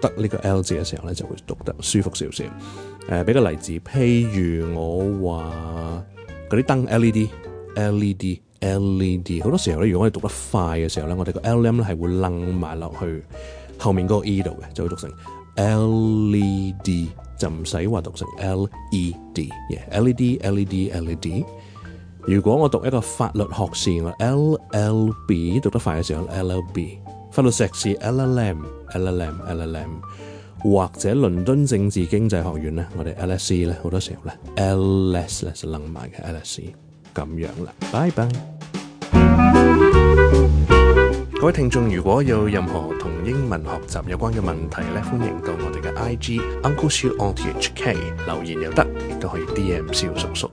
得、這、呢個 L 字嘅時候咧，就會讀得舒服少少。誒、呃，畀個例子，譬如我話嗰啲燈 LED、LED、LED，好多時候咧，如果我哋讀得快嘅時候咧，我哋個 L 音咧係會冧埋落去後面嗰個 E 度嘅，就會讀成 LED 就唔使話讀成 LED、yeah。LED、LED, LED、LED。如果我讀一個法律學士嘅 LLB，讀得快嘅時候 LLB。L, L, 法律碩士，L L M L L M L L M，或者倫敦政治經濟學院咧，我哋 L S E 咧，好多時候咧 L less 咧就能買嘅 L S E 咁樣啦。拜拜！各位聽眾，如果有任何同英文學習有關嘅問題咧，歡迎到我哋嘅 I G Uncle 小 On T H K 留言又得，亦都可以 D M 小叔叔。